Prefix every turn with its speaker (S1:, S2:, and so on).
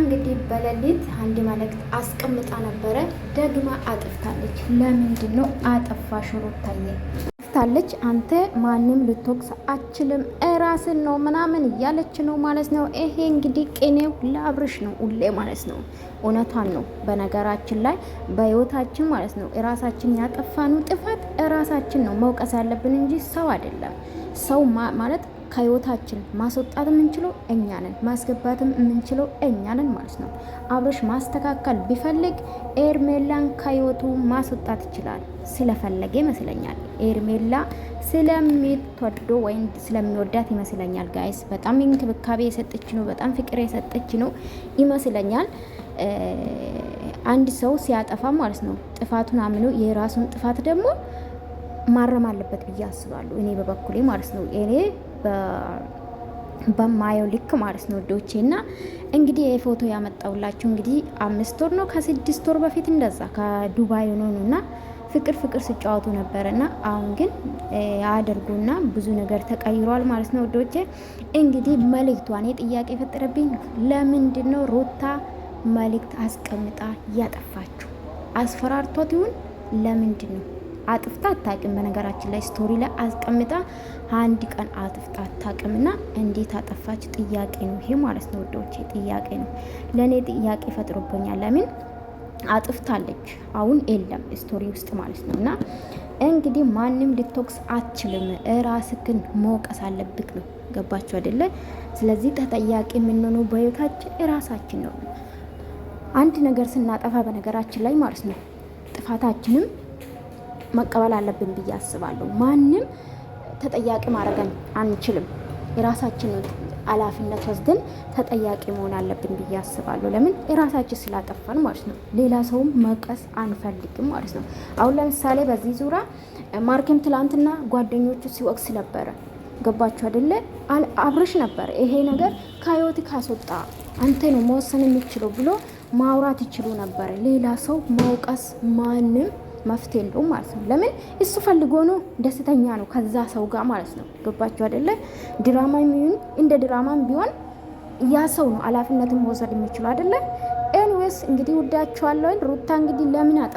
S1: እንግዲህ በሌሊት አንድ መልእክት አስቀምጣ ነበረ። ደግማ አጥፍታለች። ለምንድን ነው አጠፋሽ? ሩታዬ አጥፍታለች። አንተ ማንም ልትወቅስ አችልም፣ እራስን ነው ምናምን እያለች ነው ማለት ነው። ይሄ እንግዲህ ቅኔው ለአብርሽ ነው ሁሌ ማለት ነው። እውነቷን ነው። በነገራችን ላይ በህይወታችን ማለት ነው እራሳችን ያጠፋኑ ጥፋት እራሳችን ነው መውቀስ ያለብን እንጂ ሰው አይደለም። ሰው ማለት ከህይወታችን ማስወጣት የምንችለው እኛ ነን፣ ማስገባትም የምንችለው እኛ ነን ማለት ነው። አብርሽ ማስተካከል ቢፈልግ ኤርሜላን ከህይወቱ ማስወጣት ይችላል፣ ስለፈለገ ይመስለኛል። ኤርሜላ ስለሚትወዶ ወይም ስለሚወዳት ይመስለኛል። ጋይስ በጣም እንክብካቤ የሰጠች ነው፣ በጣም ፍቅር የሰጠች ነው ይመስለኛል። አንድ ሰው ሲያጠፋ ማለት ነው ጥፋቱን አምኖ የራሱን ጥፋት ደግሞ ማረም አለበት ብዬ አስባለሁ። እኔ በበኩሌ ማለት ነው እኔ በማየው ልክ ማለት ነው ውዶቼ። እና እንግዲህ የፎቶ ያመጣውላችሁ እንግዲህ አምስት ወር ነው ከስድስት ወር በፊት እንደዛ ከዱባይ ሆኖ እና ፍቅር ፍቅር ስጫወቱ እና አሁን ግን አደርጉና ብዙ ነገር ተቀይሯል ማለት ነው ውዶቼ። እንግዲህ መልእክቷን ጥያቄ የፈጠረብኝ ለምንድን ነው ሩታ መልእክት አስቀምጣ እያጠፋችሁ አስፈራርቷት ይሁን ለምንድን ነው? አጥፍታ አታቅም። በነገራችን ላይ ስቶሪ ላይ አስቀምጣ አንድ ቀን አጥፍታ አታውቅም። እንዴት አጠፋች ጥያቄ ነው ይሄ ማለት ነው ወዳጆቼ፣ ጥያቄ ነው ለእኔ ጥያቄ ፈጥሮብኛል። ለምን አጥፍታለች? አሁን የለም ስቶሪ ውስጥ ማለት ነው። እና እንግዲህ ማንም ልትወቅስ አትችልም። እራስክን መውቀስ አለብክ ነው ገባችሁ አይደለ? ስለዚህ ተጠያቂ የምንሆነው በህይወታችን እራሳችን ነው። አንድ ነገር ስናጠፋ በነገራችን ላይ ማለት ነው ጥፋታችንም መቀበል አለብን ብዬ አስባለሁ። ማንም ተጠያቂ ማድረገን አንችልም። የራሳችን ኃላፊነት ወስደን ተጠያቂ መሆን አለብን ብዬ አስባለሁ። ለምን የራሳችን ስላጠፋን ማለት ነው። ሌላ ሰውም መቀስ አንፈልግም ማለት ነው። አሁን ለምሳሌ በዚህ ዙሪያ ማርኬም ትላንትና ጓደኞቹ ሲወቅስ ነበረ። ገባችሁ አይደለ? አብረሽ ነበር ይሄ ነገር ከህይወት ካስወጣ አንተ ነው መወሰን የሚችለው ብሎ ማውራት ይችሉ ነበር። ሌላ ሰው መውቀስ ማንም መፍትሄ እንደው ማለት ነው። ለምን እሱ ፈልጎ ነው ደስተኛ ነው ከዛ ሰው ጋር ማለት ነው። ገባችሁ አይደለ? ድራማ የሚሆን እንደ ድራማም ቢሆን ያ ሰው ነው ኃላፊነትን መውሰድ የሚችሉ አይደለ? ኤንዌስ እንግዲህ ውዳችኋለሁ። ሩታ እንግዲህ ለምን አጠፋ